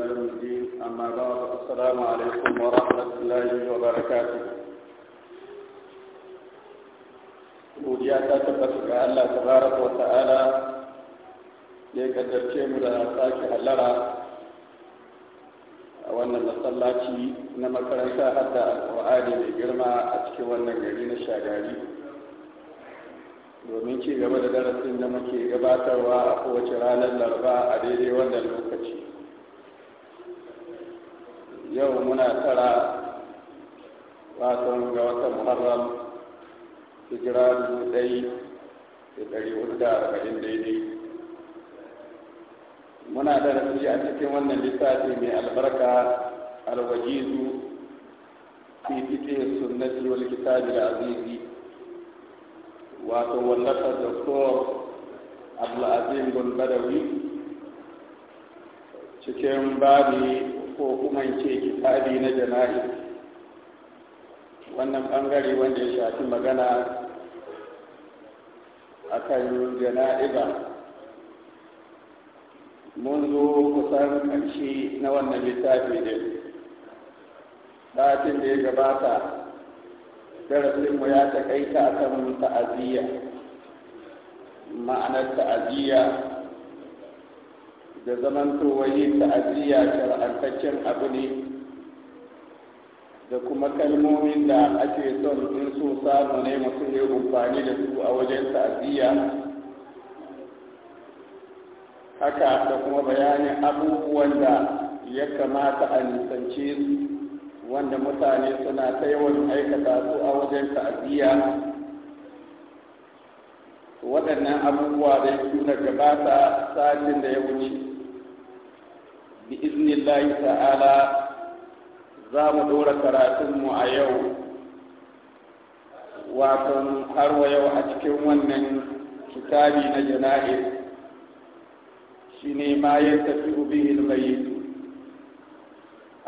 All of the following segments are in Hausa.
إلى يوم الدين أما بعد السلام عليكم ورحمة الله وبركاته godiya ta tabbata ga Allah Ta wa ta'ala da ya kaddarce mu da sake hallara a wannan masallaci na makaranta hadda alƙur'ani mai girma a cikin wannan gari na shagari domin ci gaba da darasin da muke gabatarwa a kowace ranar laraba a daidai wannan lokaci يومنا سرى واتون جوات محرم تجران مدين تدري ودا فإن ديني منا درسي أنك من لساتي من البركة الوجيز في فتح السنة والكتاب العزيز واتو ولت الدكتور عبد العظيم بن بدوي cikin babi ko kuma ce kitabi na jana'i wannan bangare wanda ya shafi magana a jana'i ba mun zo kusan ƙarshe na wannan littafi ne ɗafin da ya gabata darasinmu ya taƙaita akan ta'aziyya ma'anar ta'aziyya da zaman zamantowa yin ta'aziyya shar'antaccen abu ne da kuma kalmomi da ake son in so samu ne musu ya amfani da su a wajen ta'aziyya haka da kuma bayanin abubuwan da ya kamata a nisance wanda mutane suna ta yawan aikata su a wajen ta'aziyya waɗannan abubuwa da ya gabata satin da ya wuce bi iznillahi ta'ala za mu ɗora karatunmu a yau waton har wa yau a cikin wannan kitabi na jana'ir shi ne ma ya tafi ubihin bayyatu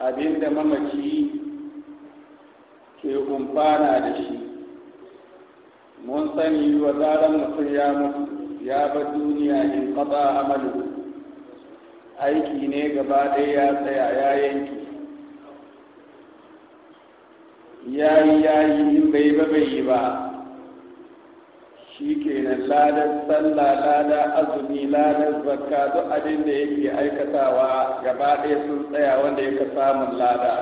abinda mamaci ke umfana da shi mun sani wa zaran mutum ya mutu ya duniya in kaɗa amalu aiki ne gaba ɗaya ya tsaya ya yanki ya yi ya yi in bai ba yi ba shi kenan ladar sallah ladar azumi ladar zakka duk abin da yake aikatawa gaba ɗaya sun tsaya wanda yake samun lada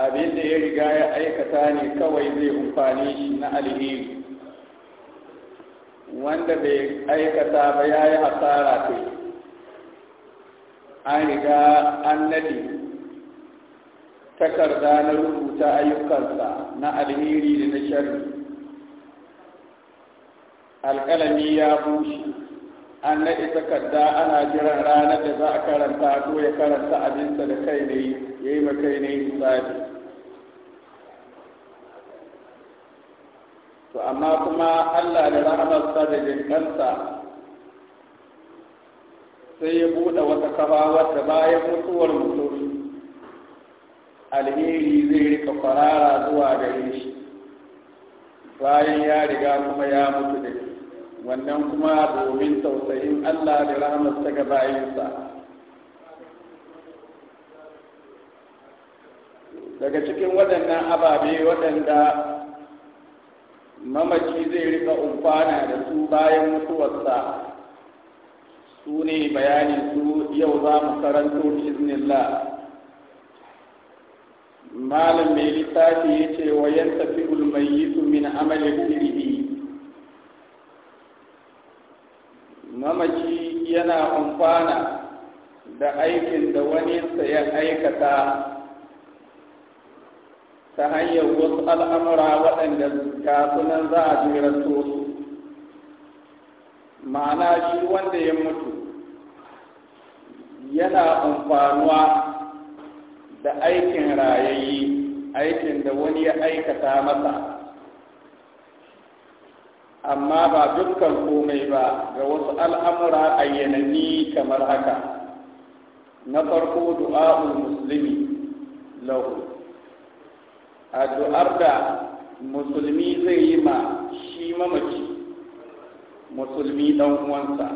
abin da ya riga ya aikata ne kawai zai amfani shi na alheri wanda bai aikata ba ya yi hasara ce an riga an nadi takarda na rubuta ayyukansa na alheri da na sharri alƙalami ya bushe an naɗe takarda ana jiran ranar da za a karanta ko ya karanta abinsa da kai ne ya yi kai ne misali amma kuma Allah da rahamarsa da jinkansa sai ya buɗe wata kafa wadda bayan mutuwar mutum alheri zai rika farara zuwa gare shi bayan ya riga kuma ya mutu da wannan kuma domin tausayin Allah da rahamarsa ga bayansa daga cikin waɗannan ababe waɗanda mamaci zai rika umfana da su bayan mutuwarsa su ne bayani su yau za mu karanto iznillah malam mai littafi ya ce wa yan tafi su min amalin sirri mamaci yana umfana da aikin da wani ya aikata ta hanyar wasu al'amura waɗanda kasunan za a jiranto su ma'ana shi wanda ya mutu yana amfanuwa da aikin rayayi aikin da wani ya aikata masa amma ba dukkan komai ba ga wasu al'amura a ayyanani kamar haka na farko du'a'ul musulmi lahu addu'ar da musulmi zai yi ma shi mamaci musulmi dan uwansa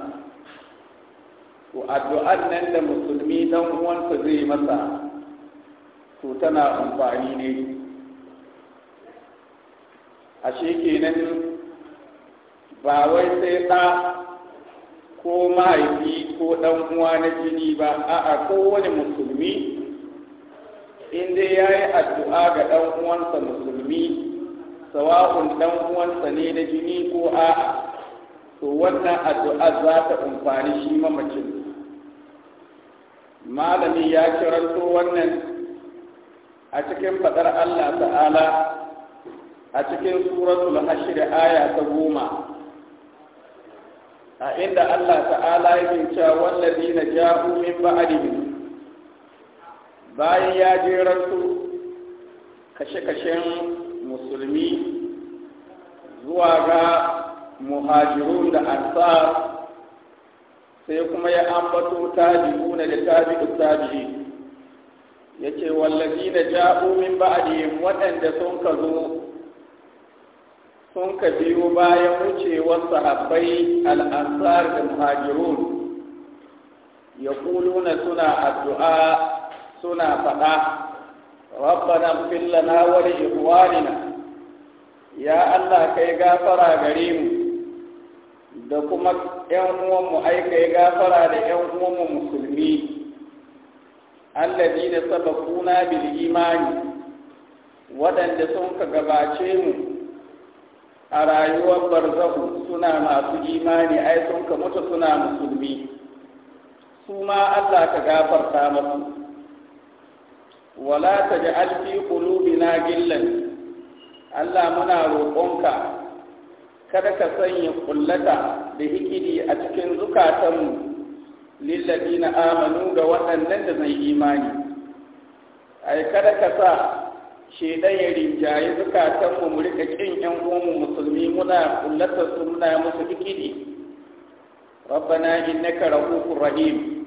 to addu'ar nan da musulmi dan uwansa zai yi masa to tana amfani ne ashe kenan ba wai sai ɗa ko mahaifi ko ɗan uwa na jini ba a'a kowane musulmi in dai ya yi addu'a ga ɗan uwansa musulmi sawa'un ɗan uwansa ne na jini ko a'a to wannan addu'a za ta amfani shi mamacin malami ya kiranto wannan a cikin faɗar Allah ta'ala a cikin suratul hashir aya ta goma a inda Allah ta'ala ya yake cewa na ja'u min ba'dihim bayan ya jerar su kashe-kashen musulmi zuwa ga muhajirun da ansar sai kuma ya ambato tabi'una da tabi'u tabi'i yace wallazi na ja'u min ba'dihim waɗanda sun ka zo sun ka biyo bayan wucewar sahabbai al'ansar da muhajirun na suna addu'a suna faɗa rabbana ighfir na wani ikhwanina ya Allah kai gafara gare mu da kuma ƴan mu ai kai gafara da ƴan mu musulmi alladina na bil imani waɗanda sun ka gabace mu a rayuwar barzahu suna masu imani ai sun ka mutu suna musulmi su ma Allah ka gafarta masu wala ta alfi fi qulubina gillan Allah muna roƙonka kada ka sanya kullata da hikidi a cikin zukatanmu na amanu ga waɗannan da zai imani ai kada ka sa shaidan ya rinjaye zukatanmu mu rika kin yan uwanmu musulmi muna kullata su muna musu hikidi rabbana innaka rahufur rahim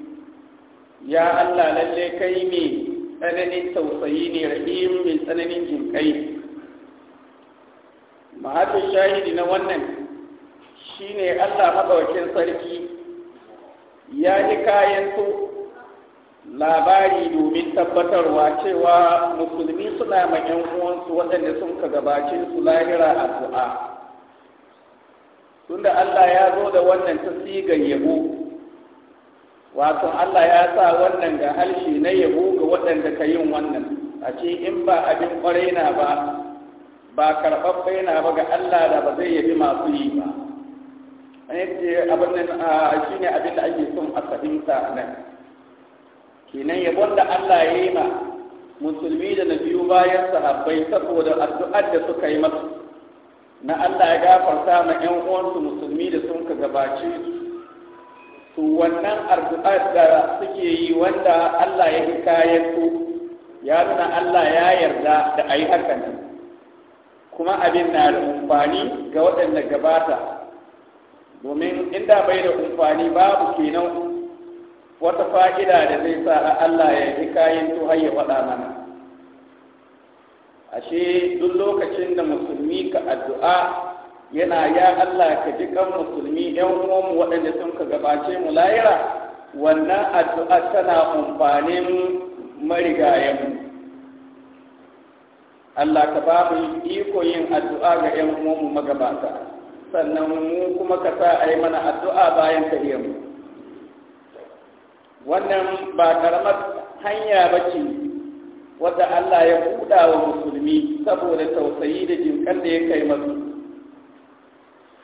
ya Allah lalle kai ne tsananin tausayi ne rahim mai tsananin jinkai Mahafin shahidi na wannan shine allah maɗaukin sarki ya yi kayan su labari domin tabbatarwa cewa musulmi suna ma uwansu waɗanda sun ka gabacin su lahira a du'a tunda allah ya zo da wannan ta sigan yabo wato allah ya sa wannan ga harshe na yabo waɗanda ka yin wannan a ce in ba abin ƙwarai na ba ba karɓaɓɓe na ba ga Allah da ba zai yabi masu yi ba an ce abin nan shi ne abin da ake son a fahimta a nan kenan yabon da Allah ya yi ma musulmi da na biyu bayan sahabbai saboda addu'ar da suka yi masu na Allah ya gafarta ma 'yan uwansu musulmi da sun ka gabace su to wannan addu'ar da suke yi wanda Allah ya hikayar su ya nuna Allah ya yarda da a yi hakan kuma abin na da umfani ga waɗanda gabata domin inda bai da umfani babu kenan wata fa'ida da zai sa a Allah ya hikayen to har ya faɗa mana ashe duk lokacin da musulmi ka addu'a yana ya Allah ka ji kan musulmi ɗan uwanmu waɗanda sun ka gabace mu layira wannan addu'a tana amfanin marigayenmu Allah ka ba mu iko yin addu'a ga ‘yan uwanmu magabata sannan mu kuma ka sa a yi mana addu'a bayan ka mu wannan ba karamar hanya ba ce wadda Allah ya buɗa wa musulmi saboda tausayi da jinkan da ya kai masu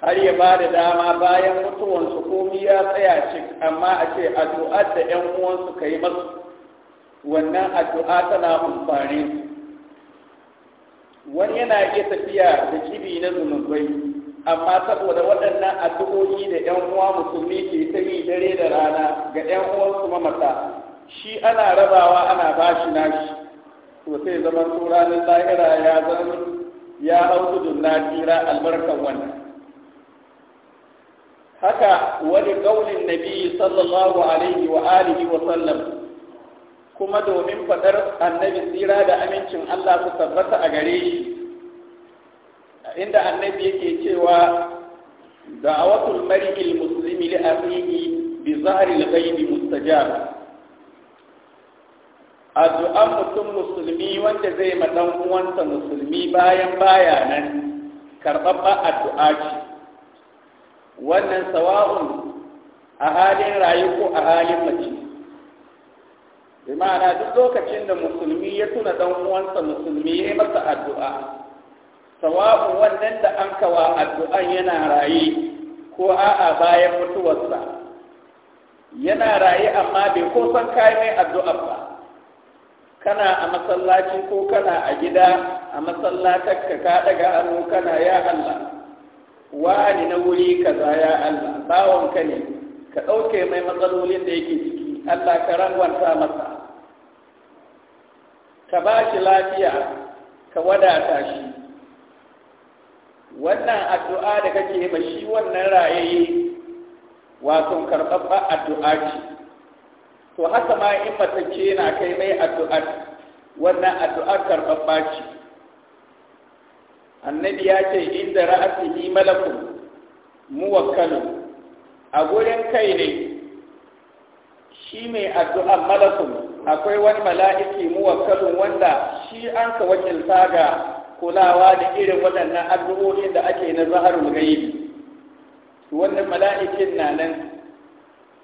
har ya ba da dama bayan mutuwansu komi ya tsaya cik amma a ce addu'a da 'yan uwansu ka yi masu wannan addu'a tana amfani wani yana iya tafiya da kibi na zunubai amma saboda waɗannan addu'o'i da 'yan uwa musulmi ke ta yi dare da rana ga 'yan uwansu mamata shi ana rabawa ana bashi nashi to sai zaman ranar lahira ya zama ya hau gudun na tsira albarkan wannan haka wani ƙaunin nabi sallallahu alaihi wa alihi wa sallam kuma domin fadar annabi tsira da amincin Allah su tabbata a gare shi inda annabi yake cewa da'awatul mar'il muslimi li akhihi bi zahril ghaibi mustajab addu'an mutum musulmi wanda zai ma dan uwansa musulmi bayan baya nan karɓaɓɓa addu'a ce wannan sawa'un a halin rayu ko a halin mace bi ma'ana duk lokacin da musulmi ya tuna dan uwansa musulmi ya yi masa addu'a sawa'un wannan da an kawa addu'an yana raye ko a'a bayan mutuwarsa yana raye amma bai kusan san mai addu'a ba kana a masallaci ko kana a gida a masallatarka ka daga hannu kana ya Allah Wa'adi na wuri kaza ya Allah bawon ka ne ka ɗauke mai matsalolin da yake ciki Allah ka rangwanta masa ka ba shi lafiya ka wadata shi wannan addu'a da kake ba shi wannan rayaye wato karɓaɓɓa addu'a ce to haka ma in ce na kai mai addu'a wannan addu'ar karɓaɓɓa ce annabi ya ce inda ra'asihi malakun muwakkalun a gurin kai ne shi mai addu'an malakun akwai wani mala'iki muwakkalun wanda shi an ka wakilta ga kulawa da irin waɗannan addu'o'in da ake na zaharul gaibi wannan mala'ikin na nan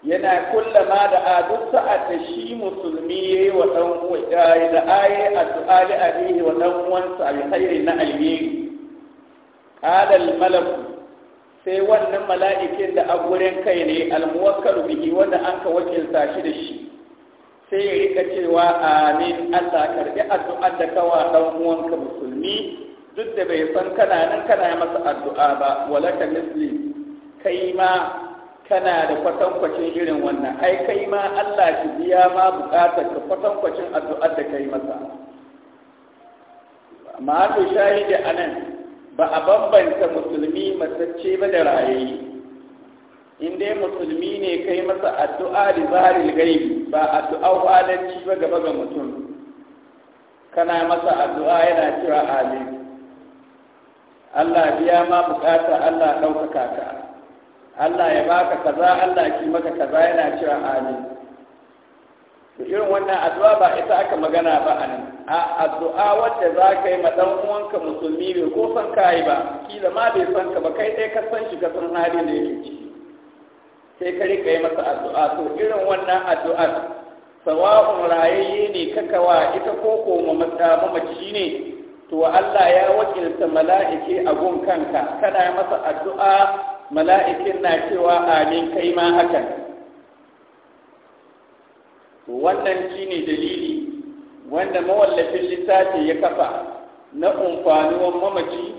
yana kullama da a duk sa'ad da shi musulmi ya yi wa ɗan da ayi addu'a li abihi wa ɗan uwansa bi na alheri qala malaku sai wannan mala'ikin da a gurin kai ne almuwakkalu biki wanda an ka wakilta shi da shi sai ya rika cewa amin Allah karbi addu'ar da kawa dan uwanka musulmi duk da bai san kana nan kana masa addu'a ba walaka misli kai ma kana da kwatankwacin irin wannan ai kai ma Allah ki biya ma bukatar ka kwatankwacin addu'ar da yi masa amma to shahidi anan ba a bambanta musulmi matacce ba da rayayi in dai musulmi ne kai masa addu'a da zaharil gaibi ba addu'a wadanci ba gaba ga mutum kana masa addu'a yana cewa amin Allah biya ma bukata Allah ɗaukaka ka Allah ya baka kaza Allah ki maka kaza yana cewa amin irin wannan addu'a ba ita aka magana ba a nan a addu'a wacce za ka yi ma ɗan uwanka musulmi bai ko san ka yi ba kila ma bai san ka ba kai ɗaya ka san shi ka san halin da yake ciki sai ka rika yi masa addu'a to irin wannan addu'a sawa'un rayayye ne kakawa ita ko ko ci ne to Allah ya wakilta mala'ike a gun kanka kana masa addu'a mala'ikin na cewa amin kai ma hakan to wannan shine dalili wanda mawallafin littafi ya kafa na umfanuwan mamaci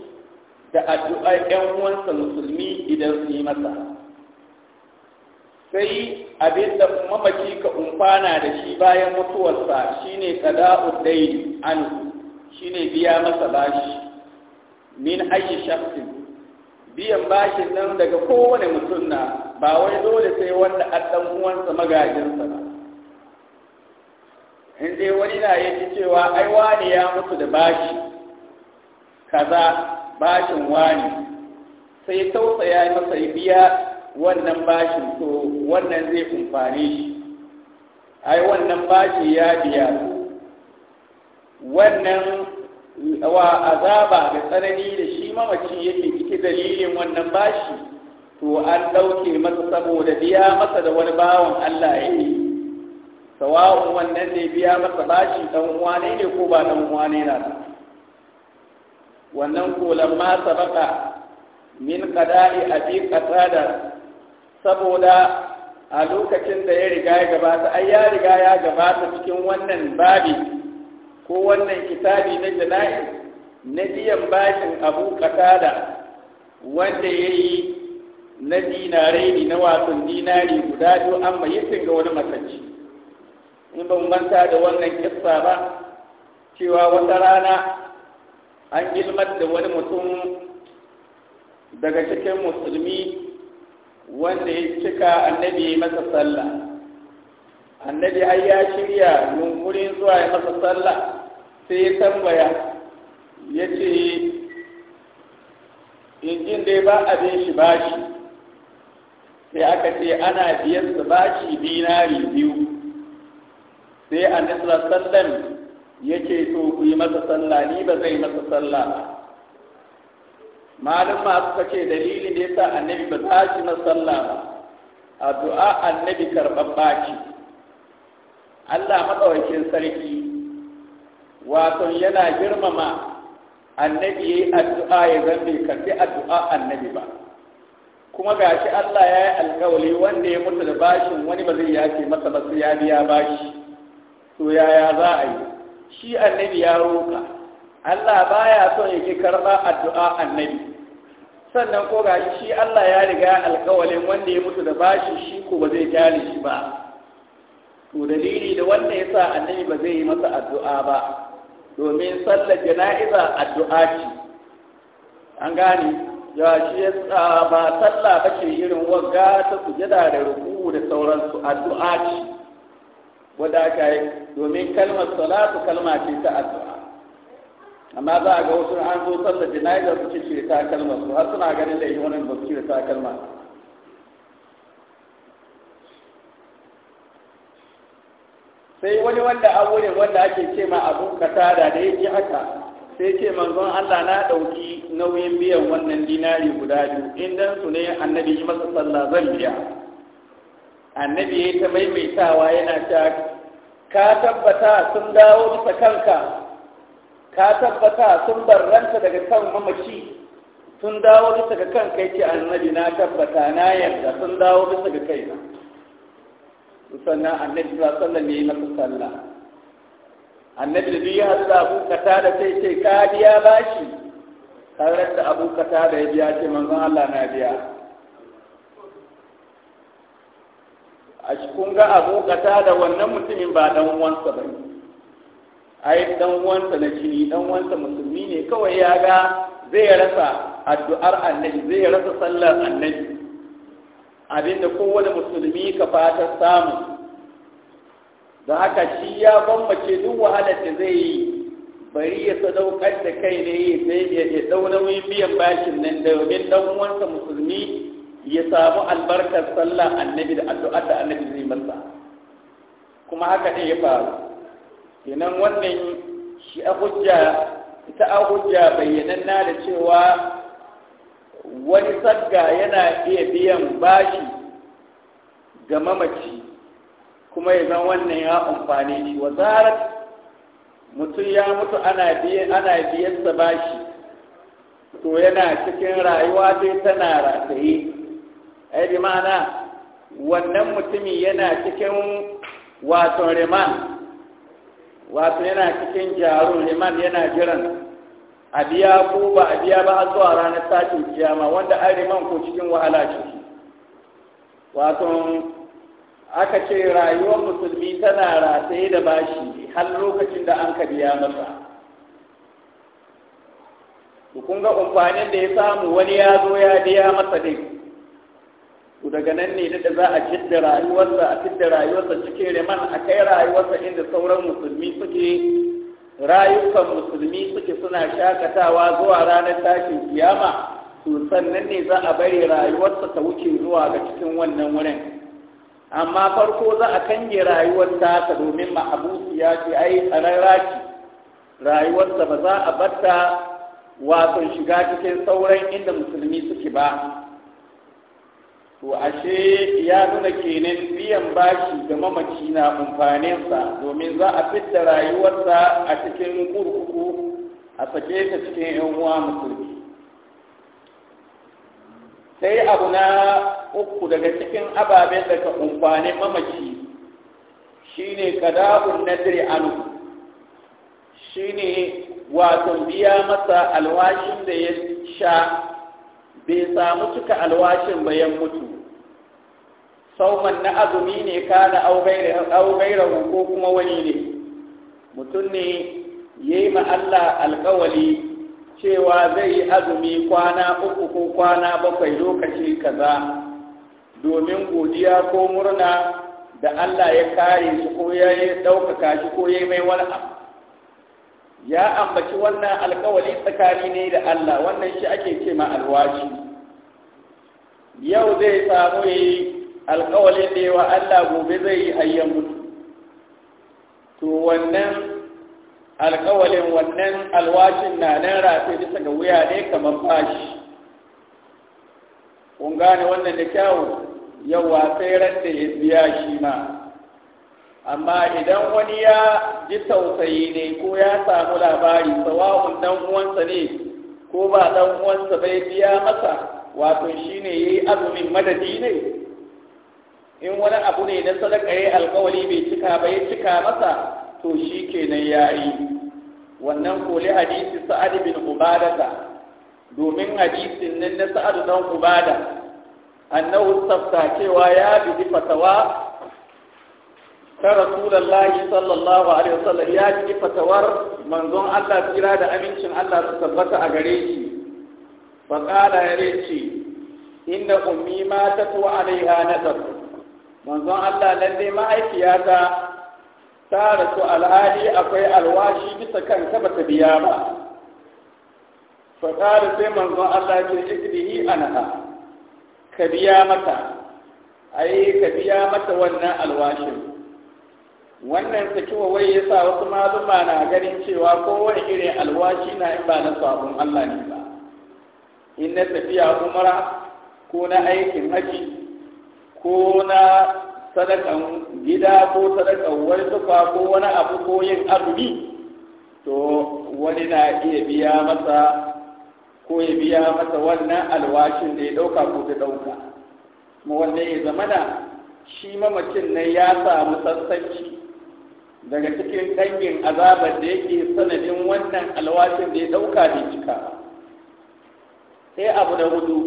da addu'ar 'yan uwansa musulmi idan su yi masa sai abin da mamaci ka umfana da shi bayan mutuwarsa shine qada'ud an shi shine biya masa bashi min ayi shafin biyan bashin nan daga kowane mutum na ba wai dole sai wanda addan uwansa magajinsa ba in dai wani na ya ci cewa ai wani ya mutu da bashi kaza bashin wani sai tausaya masa biya wannan bashin to wannan zai kumfane shi ai wannan bashi ya biya wannan wa azaba da tsanani da shi mamaci yake cike dalilin wannan bashi to an ɗauke masa saboda biya masa da wani bawan Allah ya yi sawa'un wannan ne biya masa bashi dan uwa ne ne ko ba dan uwa ne na wannan ko lamma sabaka min qada'i abi qatada saboda a lokacin da ya riga ya gabata ai ya riga ya gabata cikin wannan babi ko wannan kitabi na jana'i na biyan bashin abu qatada wanda yayi yi na dinarai ne na wasan dinari guda biyu an mai ga wani masanci in ban manta da wannan kissa ba cewa wata rana an ilmar da wani mutum daga cikin musulmi wanda ya cika annabi ya masa sallah annabi ai ya shirya yunkurin zuwa ya masa sallah sai ya tambaya ya ce in jin dai ba abin shi bashi sai aka ce ana biyar su bashi dinari biyu sai annabi sallan ya ce to ku yi masa sallah ni ba zai masa sallah ba malum ma suka ce dalili ne sa annabi ba ta ci masa sallah ba du'a annabi karɓar ce Allah maɗaukin sarki wato yana girmama annabi ya yi addu'a ya zan bai karɓi addu'a annabi ba kuma gashi Allah ya yi alƙawari wanda ya mutu da bashin wani ba zai yafe masa ba sai ya biya bashi to yaya za a yi shi annabi ya roƙa Allah baya son ya ki karɓa addu'a annabi sannan ko ga shi Allah ya riga alƙawalin wanda ya mutu da bashi shi ko ba zai kyale shi ba to dalili da wanda ya sa annabi ba zai yi masa addu'a ba domin sallar jana'iza addu'a ce an gane ya shi ba sallah ba ce irin wagga ta sujada da ruku da sauransu addu'a ce wadda aka yi domin kalmar salatu kalma ce ta addu'a amma za a ga wasu an zo sallar jana'iza su ce ta kalmar su har suna ganin da wani ba su ce ta kalmar sai wani wanda abu ne wanda ake ce ma abu katada da yake haka sai ce manzon Allah na ɗauki nauyin biyan wannan dinari guda biyu indan su ne annabi yi masa sallah zan biya annabi ya ta maimaitawa yana ta ka tabbata sun dawo bisa kanka ka tabbata sun barranta daga kan mamaci sun dawo bisa ga kanka yake annabi na tabbata na yarda sun dawo bisa ga kaina sannan annabi ba sallan ne na sallah annabi da ya hada abokata da sai ce kadiya biya bashi tare da abokata da ya biya ce manzon Allah na biya a cikin ga abu da wannan mutumin ba dan uwansa ba ne. ai dan uwansa na jini dan uwansa musulmi ne kawai ya ga zai rasa addu'ar annabi zai rasa sallar annabi abinda kowane musulmi ka fata samu da haka shi ya bambace duk wahalar da zai yi bari ya sadaukar da kai ne sai ya dau nauyin biyan bashin nan domin dan uwansa musulmi ya samu albarkar sallah annabi da addu'ar da annabi zai masa kuma haka ne ya faru kenan wannan shi a hujja ita a hujja da cewa wani sadga yana iya biyan bashi ga mamaci kuma ya zan wannan ya amfane shi wa zarar mutum ya mutu ana biyan sa bashi to yana cikin rayuwa sai tana rataye ai bi ma'ana wannan mutumin yana cikin wato riman wato yana cikin jarun riman yana jiran a biya ko ba a biya ba a zuwa ranar tashin kiyama wanda an riman ko cikin wahala ciki wato aka ce rayuwar musulmi tana rataye da bashi har lokacin da an ka biya masa kun ga umfanin da ya samu wani ya zo ya biya masa dai daga nan ne da za a fidda rayuwarsa a fidda rayuwarsa cikin riman a kai rayuwarsa inda sauran musulmi suke rayukan musulmi suke suna shakatawa zuwa ranar tashin kiyama to sannan ne za a bari rayuwarsa ta wuce zuwa ga cikin wannan wurin amma farko za a kange rayuwarsa ta domin ma'abusu ya ce ai tsararra rayuwarsa ba za a batta wato shiga cikin sauran inda musulmi suke ba to ashe ya nuna kenan biyan bashi ga mamaci na amfaninsa domin za a fitta rayuwarsa a cikin kurkuku a sake ta cikin yan uwa musulmi sai abu na uku daga cikin ababen da ka amfanin mamaci shine na nadri Shi shine wato biya masa alwashin da ya sha bai samu cika alwashin ba yan mutu sauman na azumi ne ka da gairahu ko kuma wani ne mutum ne ya yi Allah alkawali cewa zai yi azumi kwana uku ko kwana bakwai lokaci kaza domin godiya ko murna da Allah ya kare shi ko ya ɗaukaka shi ko ya yi mai wani abu ya ambaci wannan alkawali tsakani ne da Allah wannan shi ake ce ma alwaci yau zai samu yi alkawali da yawa Allah gobe zai yi hayyan mutu to wannan alkawalin wannan alwashin na nan rafe bisa ga wuya ne kamar bashi kun gane wannan da kyawu yau sai ran da ya biya shi ma amma idan wani ya ji tausayi ne ko ya samu labari tsawon dan uwansa ne ko ba dan uwansa bai biya masa wato ya yi azumin madadi ne in wani abu ne na sadaka ya alƙawari bai cika ba ya cika masa to ya yayi wannan koli hadisi sa'ad bin ubadata domin hadisin nan na sa'ad dan ubada annahu safta cewa ya bi fatawa ta Rasulallah sallallahu alaihi wasallam ya ji fatawar manzon Allah kira da amincin Allah su tabbata a gare shi fa qala ya ce inda ummi ma tatu alaiha nasab manzon Allah lalle ma'aikiyata ta rasu alhali akwai alwashi bisa kan ta bata biya ba fa qala sai manzon Allah ya ce ikdihi anha ka biya mata ai ka biya mata wannan alwashin wannan sakiwa wai ya sa wasu mazuma na ganin cewa kowane irin alwashi na in ba na sabon Allah ne ba in na tafiya umara ko na aikin haji ko na sadakan gida ko sadakan wani tufa ko wani abu ko yin azumi to wani na iya biya masa ko ya biya masa wannan alwashin da ya ɗauka ko ta ɗauka kuma wannan ya zamana shi mamacin nan ya samu sassanci daga cikin dangin azabar da yake sanadin wannan alwashin da ya dauka da cika sai abu na hudu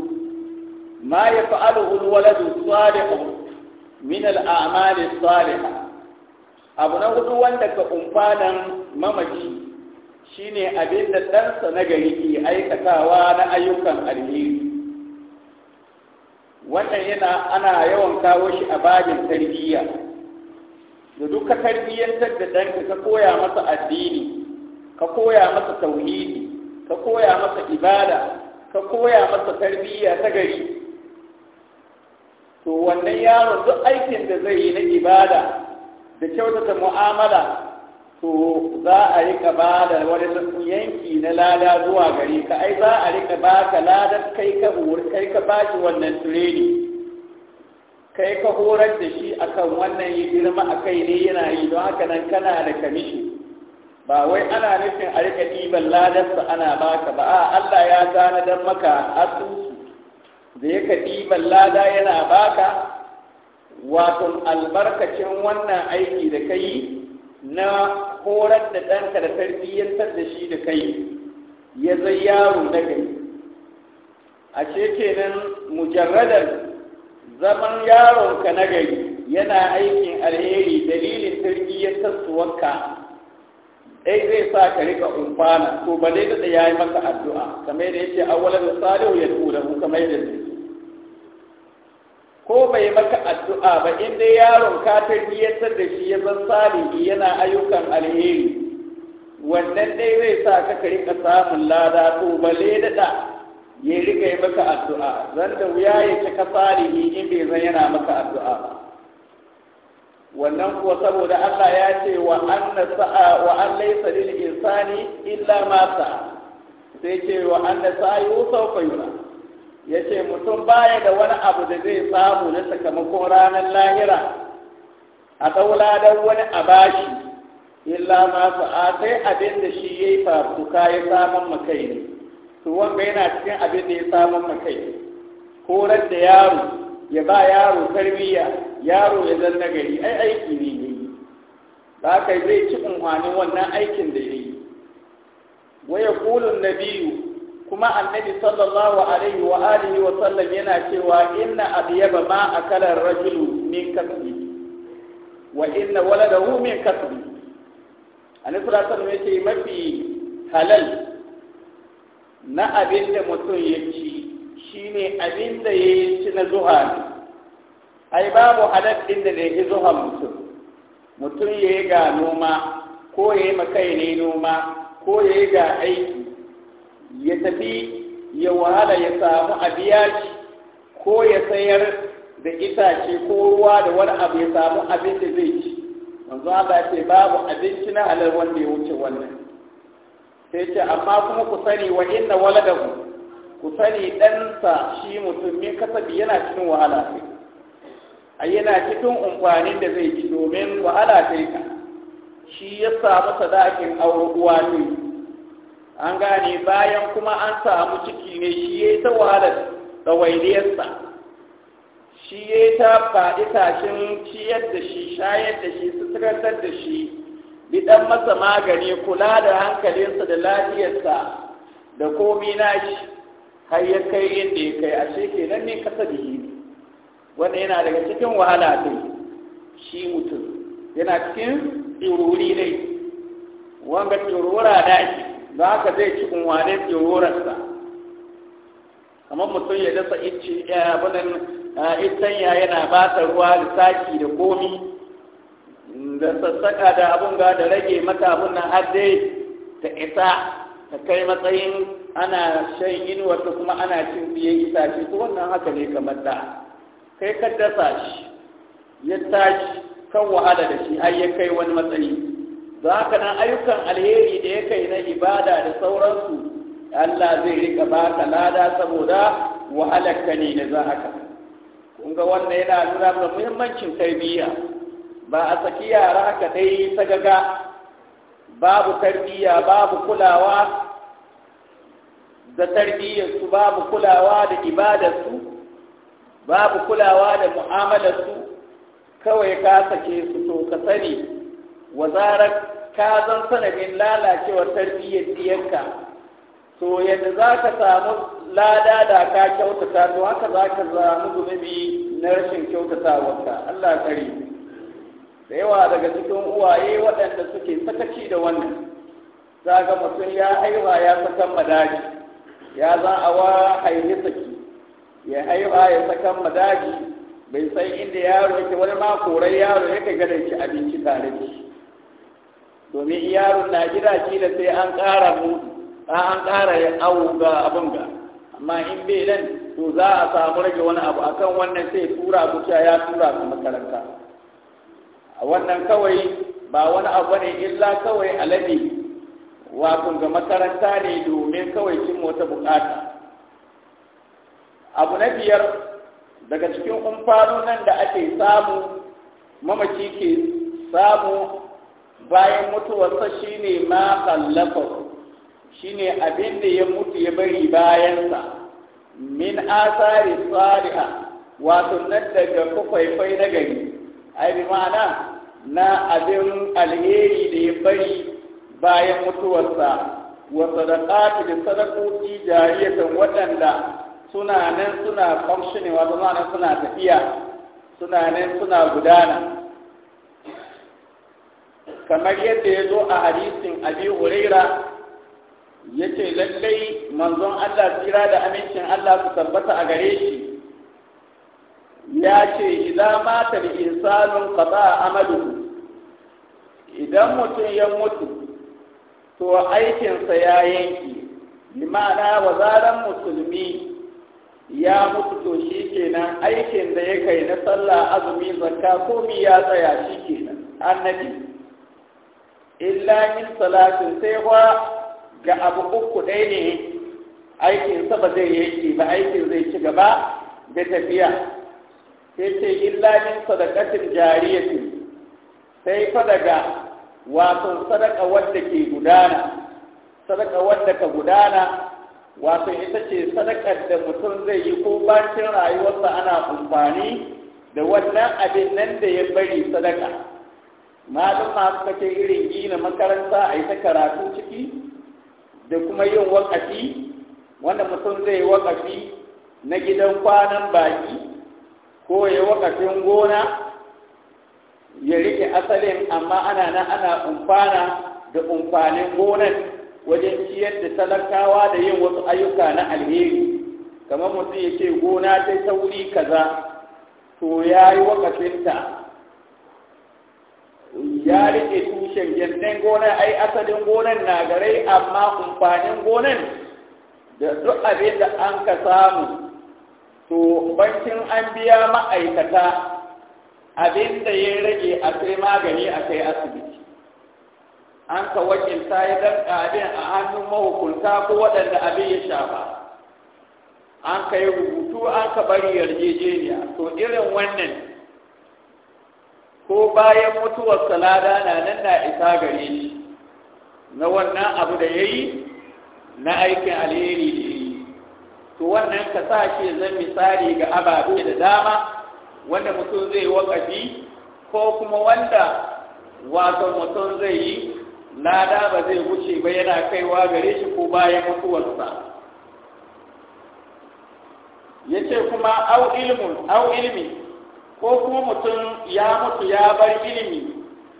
ma ya fa'aluhu alwaladu salihun min al'amali salihah abu na hudu wanda ka umfanan mamaci shine abin da ɗansa na gari ke aikatawa na ayyukan alheri wannan yana ana yawan kawo shi a babin tarbiyya da duka tarbiyyantar da danka ka koya masa addini ka koya masa tauhidi ka koya masa ibada ka koya masa tarbiyya ta gari to wannan yaron duk aikin da zai yi na ibada da kyautata mu'amala to za a rika ba da wani yanki na lada zuwa gari ka ai za a rika ba ka ladar kai ka kai ka ba shi wannan tireni kai ka horar da shi akan wannan yi girma a kai ne yana yi don haka nan kana da kamishi ba wai ana nufin a rika ɗiban ladarsa ana baka ba a Allah ya don maka asusu da ka ɗiban lada yana baka wato albarkacin wannan aiki da kai na horar da ɗanka da tarbiyyantar da shi da kai ya zai yaro na gari a kenan mujarradar zaman yaronka na gari yana aikin alheri dalilin sarki ya tassuwarka ɗai zai sa ka rika umfana to ba dai da ya yi maka addu'a kamar da yake awwalar da salihu ya tura mu kamar da zai ko bai maka addu'a ba in dai yaron ka riyatar da shi ya zan salihu yana ayyukan alheri wannan dai zai sa ka rika samun lada to ba dai da ya riga yi maka addu'a zan da wuya ya ci ni in bai zan yana maka addu'a wannan kuwa saboda Allah ya ce wa anna sa'a wa an laysa lil insani illa ma sa'a sai ce wa anna sa'yu sawfa yura yace mutum baya da wani abu da zai samu na sakamakon ranar lahira a daula dan wani abashi illa ma sa'a sai abin da shi yayi fafuka ya saman makai ne to wanga yana cikin abin da ya samun makai ran da yaro ya ba yaro tarbiyya yaro ya zan nagari ai aiki ne ne ba kai zai ci umarnin wannan aikin da ya yi waya kulun biyu, kuma annabi sallallahu alaihi wa alihi wa sallam yana cewa inna abyaba ma akala kalar rajulu min kasbi wa inna waladahu min kasbi annabi sallallahu alaihi wa sallam yace mafi halal na abin da mutum ya ci shi ne abin da ya ci na zuha ai babu halattun da ya yi zuha mutum mutum ya yi ga noma ko ya yi makai ne noma ko ya yi ga aiki ya tafi ya wahala ya samu abiya ko ya sayar da itace ko ruwa da wani abu ya samu abin da zai ci manzo Allah ce babu abinci na halal wanda ya wuce wannan sai ce amma kuma ku sani wa inna waladahu ku sani ɗansa shi mutum min kasabi yana cikin wahala sai a yana cikin umfanin da zai ji domin wahala sai ka shi ya samu sadakin aure uwa ne an gane bayan kuma an samu ciki ne shi ya ta wahala ɗawainiyarsa shi ya ta faɗi tashin ciyar da shi shayar da shi suturantar da shi bidan masa magani kula da hankalinsa da lafiyarsa da komi nashi har ya kai inda ya kai ashe kenan ne kasa da wanda yana daga cikin wahala dai shi mutum yana cikin tsiruri dai wanga tsirora da shi za ka zai ci unwane tsirorarsa kamar mutum ya dasa icce ya eh, bunan eh, itan yana ba ta ruwa da saki da komi da sassaka da abun ga da rage mata abun nan har dai ta isa ta kai matsayin ana shan inuwar ta kuma ana cin biye itace ko wannan haka ne kamar da kai ka dasa shi ya tashi kan wahala da shi ai ya kai wani matsayi za ka nan ayyukan alheri da ya kai na ibada da sauransu Allah zai rika ka lada saboda wahalar ka ne da za haka. kun ga wannan yana nuna muhimmancin tarbiyya ba a saki yara kaɗai dai sagaga babu tarbiyya babu kulawa da tarbiyyarsu babu kulawa da ibadarsu babu kulawa da mu'amalarsu kawai ka sake su to ka sani wazarar ka zan sanadin lalacewar tarbiyyar diyarka to yadda za ka samu lada da ka kyautata to haka za ka samu zunubi na rashin kyautatawarka Allah kare yawa daga cikin uwaye waɗanda suke sakaci da wannan za ga mutum ya haihuwa ya sakan madaji ya za a wa haini saki ya haihuwa ya sakan madaji bai san inda yaro yake wani ma korai yaro yake gadon shi abinci tare da shi domin yaron na gida da sai an ƙara mu an ƙara ya awo ga abin ga amma in bai nan to za a samu rage wani abu akan wannan sai tura kuciya ya tura ku makaranta wannan kawai ba wani abu ne illa kawai alade wato ga makaranta ne domin kawai cin wata bukata abu na biyar daga cikin umfano nan da ake samu mamaci ke samu bayan mutuwarsa shine ma kallafa shine abin da ya mutu ya bari bayansa min asari saliha wato nan daga kufaifai na gari ai bi ma'ana na abin alheri da ya bari bayan mutuwarsa wa sadaqati da sadaqoki jariyatan waɗanda suna nan suna kamshine wato ma'ana suna tafiya suna nan suna gudana kamar yadda ya zo a hadisin abi huraira yace ce lallai manzon allah tsira da amincin allah su tabbata a gare shi ya ce idan mata da insanin kaza amalu idan mutum ya mutu to aikinsa ya yanki limana wa zaran musulmi ya mutu to shi kenan aikin da ya kai na sallah azumi zakka komi ya tsaya shi kenan annabi illa min salatin sai wa ga abu uku ɗaya ne aikinsa ba zai yanki ba aikin zai ci gaba da tafiya sai ce illa min sadaqatin jariyatin sai fa daga wato sadaka wadda ke gudana sadaka wadda ka gudana wato ita ce sadakar da mutum zai yi ko bacin rayuwarsa ana amfani da wannan abin nan da ya bari sadaka malum masu kake irin gina makaranta a yi ta karatu ciki da kuma yin wakafi wanda mutum zai yi wakafi na gidan kwanan baki ko ya wakafin gona ya rike asalin amma ana nan ana umfana da umfanin gonan wajen ciyar da talakawa da yin wasu ayyuka na alheri kamar mutum ya ce gona ta sauri kaza to ya yi wakafinta ya rike tushen gyannin gonan ai asalin gonan na garai, amma umfanin gonan da duk abin da an ka samu to bakin an biya ma'aikata abin da ya rage a kai magani a kai asibiti an ka ta yi danka abin a hannun mahukunta ko waɗanda abin ya shafa an ka yi rubutu an ka bari yarjejeniya to irin wannan ko bayan mutuwar salada na nan na isa gare shi na wannan abu da ya yi na aikin alheri ne to wannan ka sa shi zan misali ga ababe da dama wanda mutum zai wakafi ko kuma wanda wato mutum zai yi lada ba zai wuce ba yana kaiwa gare shi ko bayan mutuwarsa ya ce kuma au ilmin au ilmi ko kuma mutum ya mutu ya bar ilimi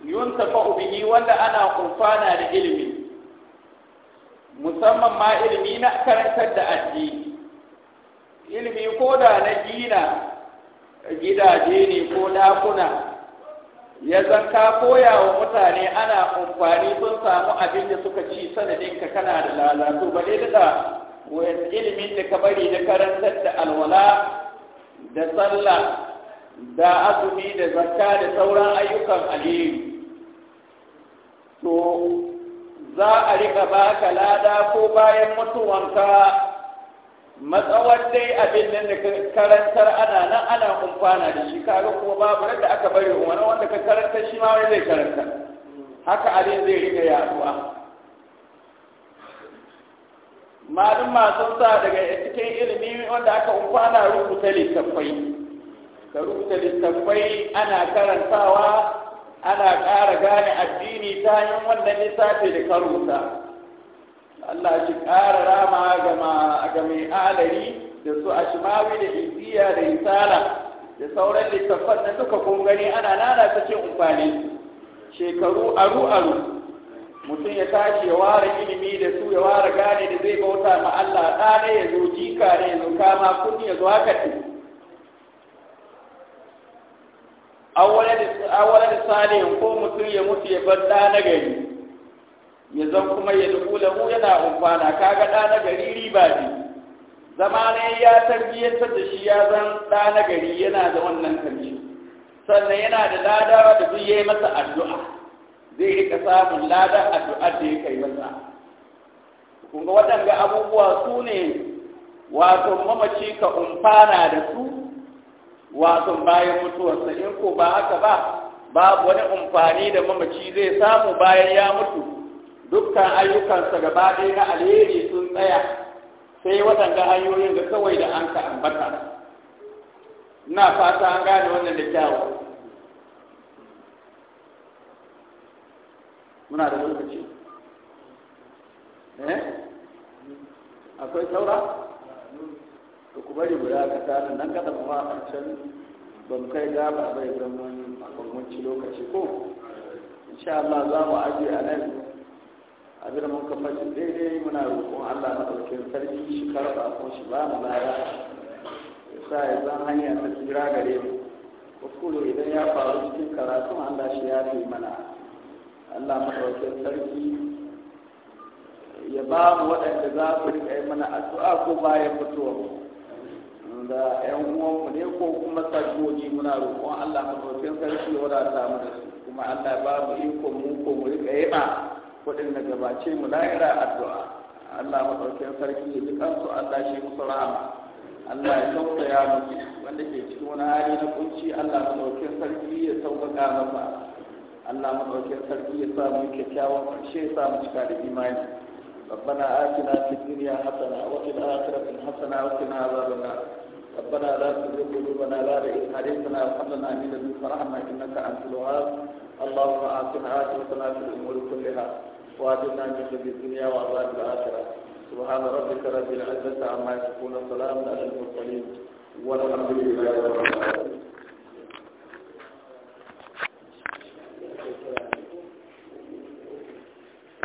yun tafa bihi wanda ana kumfana da ilimi musamman ma ilimi na karantar da addini ilimi ko da na gina gidaje ne ko dakuna ya zanka ka koya wa mutane ana amfani sun samu abin da suka ci sanadinka kana da lalatu ba dai da ilimin da ka bari da karantar da alwala da sallah da azumi da zakka da sauran ayyukan alheri to za a riƙa baka lada ko bayan mutuwanka matsawar dai abin nan da karantar ana nan ana kumfana da shi kaga kuma babu da aka bari wani wanda ka karanta shi ma wani zai karanta haka abin zai rika yaduwa malum masu sa daga cikin ilimi wanda aka kumfana rubuta littafai ka rubuta littafai ana karantawa ana ƙara gane addini ta yin wannan lissafi da ka rubuta Allah shi ƙara rama ga mai alari da su a shimawi da isiya da isala da sauran littafan na duka kun gani ana lalata ce umfani. shekaru aru aru mutum ya tashi ya ware ilimi da su ya ware gane da zai bauta ma Allah ɗane ya zo jika ne ya zo kama kun ya zo haka awwala da salihin ko mutum ya mutu ya bar ɗa na gari ya zan kuma ya da mu yana umfana kaga ga na gari riba ne zama ne ya tarbiyyantar da shi ya zan gari yana da wannan kanci sannan yana da lada da zai yi masa addu'a zai rika samun lada addu'a da ya kai masa kun ga waɗanga abubuwa su ne wato mamaci ka umfana da su wato bayan mutuwarsa in ko ba haka ba babu wani umfani da mamaci zai samu bayan ya mutu dukkan ayyukansa gaba ɗaya na alheri sun tsaya sai waɗanda hanyoyin da kawai da an ka ambata na fata an gane wannan da kyawu muna da lokaci eh akwai saura to ku bari guda ka tana nan kada kuma a can Ban kai gaba bai zama a lokaci ko insha Allah za mu ajiye a nan abin mun ka faɗi daidai muna roƙon Allah ɗauke sarki shi karɓa ko shi ba mu lara ya sa ya zan hanya ta tsira gare mu kuskure idan ya faru cikin karatun Allah shi ya fi mana Allah ɗauke sarki ya ba mu waɗanda za su riƙa yi mana addu'a ko bayan mutuwa da ƴan uwanmu ne ko kuma sabboji muna roƙon Allah ɗauke sarki ya wadata mu da su kuma Allah ba mu iko mu ko mu riƙa yi ba waɗanda gabace mu lahira addu'a Allah maɗaukin sarki ya ji kansu Allah shi musu rahama Allah ya ya musu wanda ke cikin wani hali na kunci Allah maɗaukin sarki ya sauƙaƙa masa Allah maɗaukin sarki ya samu kyakkyawan ƙarshe ya samu cika da imani ربنا آتنا في الدنيا حسنة وفي الآخرة حسنة وقنا عذاب النار ربنا لا تزغ قلوبنا بعد إذ هديتنا وهب لنا من لدنك رحمة إنك أنت الوهاب اللهم آتنا عاجلتنا في الأمور كلها وآتنا من خزي الدنيا وعذاب الآخرة سبحان ربك رب العزة عما يصفون السلام على المرسلين والحمد لله رب العالمين